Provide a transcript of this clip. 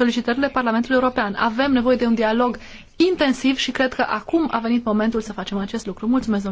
solicitările Parlamentului European. Avem nevoie de un dialog intensiv și cred că acum a venit momentul să facem acest lucru. Mulțumesc,